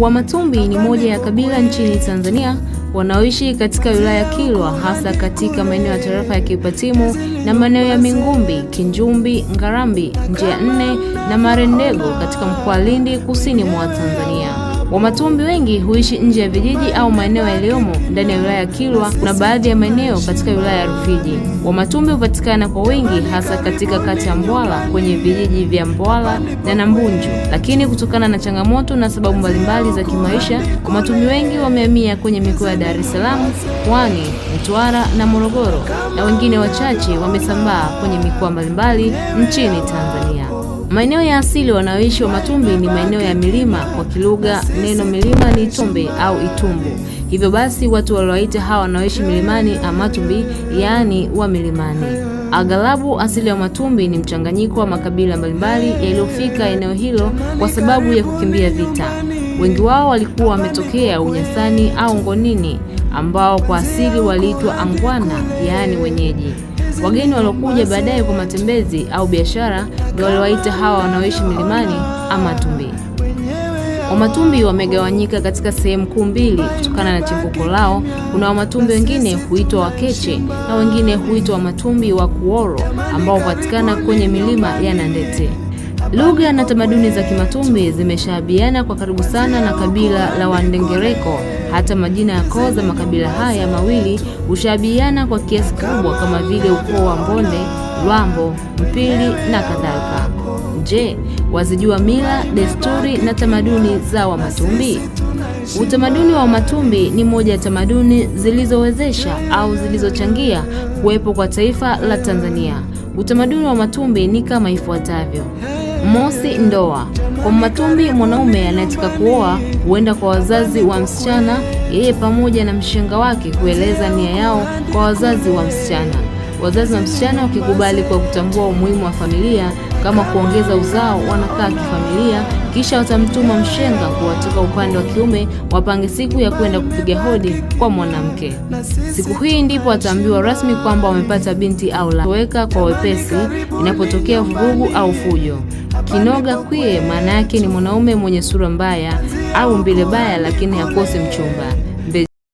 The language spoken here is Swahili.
Wamatumbi ni moja ya kabila nchini Tanzania wanaoishi katika wilaya Kilwa, hasa katika maeneo ya tarafa ya Kipatimu na maeneo ya Mingumbi, Kinjumbi, Ngarambi, Njia Nne na Marendego katika mkoa Lindi, kusini mwa Tanzania. Wamatumbi wengi huishi nje ya vijiji au maeneo yaliyomo ndani ya wilaya ya Kilwa na baadhi ya maeneo katika wilaya ya Rufiji. Wamatumbi hupatikana kwa wingi hasa katika kata ya Mbwala kwenye vijiji vya Mbwala na Nambunju, lakini kutokana na changamoto na sababu mbalimbali za kimaisha, Wamatumbi wengi wamehamia kwenye mikoa ya Dar es Salaam, Pwani, Mtwara na Morogoro, na wengine wachache wamesambaa kwenye mikoa mbalimbali nchini Tanzania. Maeneo ya asili wanaoishi wa Matumbi ni maeneo ya milima. Kwa Kilugha, neno milima ni Itumbi au Itumbu. Hivyo basi watu walioita hawa wanaoishi milimani Amatumbi, yaani wa milimani. Aghalabu asili ya Matumbi ni mchanganyiko wa makabila mbalimbali yaliyofika eneo hilo kwa sababu ya kukimbia vita. Wengi wao walikuwa wametokea unyasani au ngonini, ambao kwa asili waliitwa Angwana, yaani wenyeji. Wageni waliokuja baadaye kwa matembezi au biashara ndio waliwaita hawa wanaoishi milimani Amatumbi. Wamatumbi wamegawanyika katika sehemu kuu mbili kutokana na chimbuko lao. Kuna Wamatumbi wengine huitwa Wakeche na wengine huitwa Wamatumbi wa Kuoro ambao hupatikana kwenye milima ya Nandete. Lugha na tamaduni za Kimatumbi zimeshabiana kwa karibu sana na kabila la Wandengereko hata majina ya koo za makabila haya mawili hushabihiana kwa kiasi kubwa, kama vile ukoo wa Mbonde, Lwambo, Mpili na kadhalika. Je, wazijua mila, desturi na tamaduni za Wamatumbi? Utamaduni wa Wamatumbi ni moja ya tamaduni zilizowezesha au zilizochangia kuwepo kwa taifa la Tanzania. Utamaduni wa Wamatumbi ni kama ifuatavyo: mosi, ndoa kwa Matumbi, mwanaume anayetaka kuoa huenda kwa wazazi wa msichana, yeye pamoja na mshenga wake kueleza nia yao kwa wazazi wa msichana. Wazazi wa msichana wakikubali kwa kutambua umuhimu wa familia kama kuongeza uzao, wanakaa kifamilia, kisha watamtuma mshenga kuwatoka upande wa kiume, wapange siku ya kwenda kupiga hodi kwa mwanamke. Siku hii ndipo ataambiwa rasmi kwamba wamepata binti au la. kwa wepesi inapotokea vurugu au fujo. Kinoga kwie maana yake ni mwanaume mwenye sura mbaya au mbile baya, lakini hakose mchumba.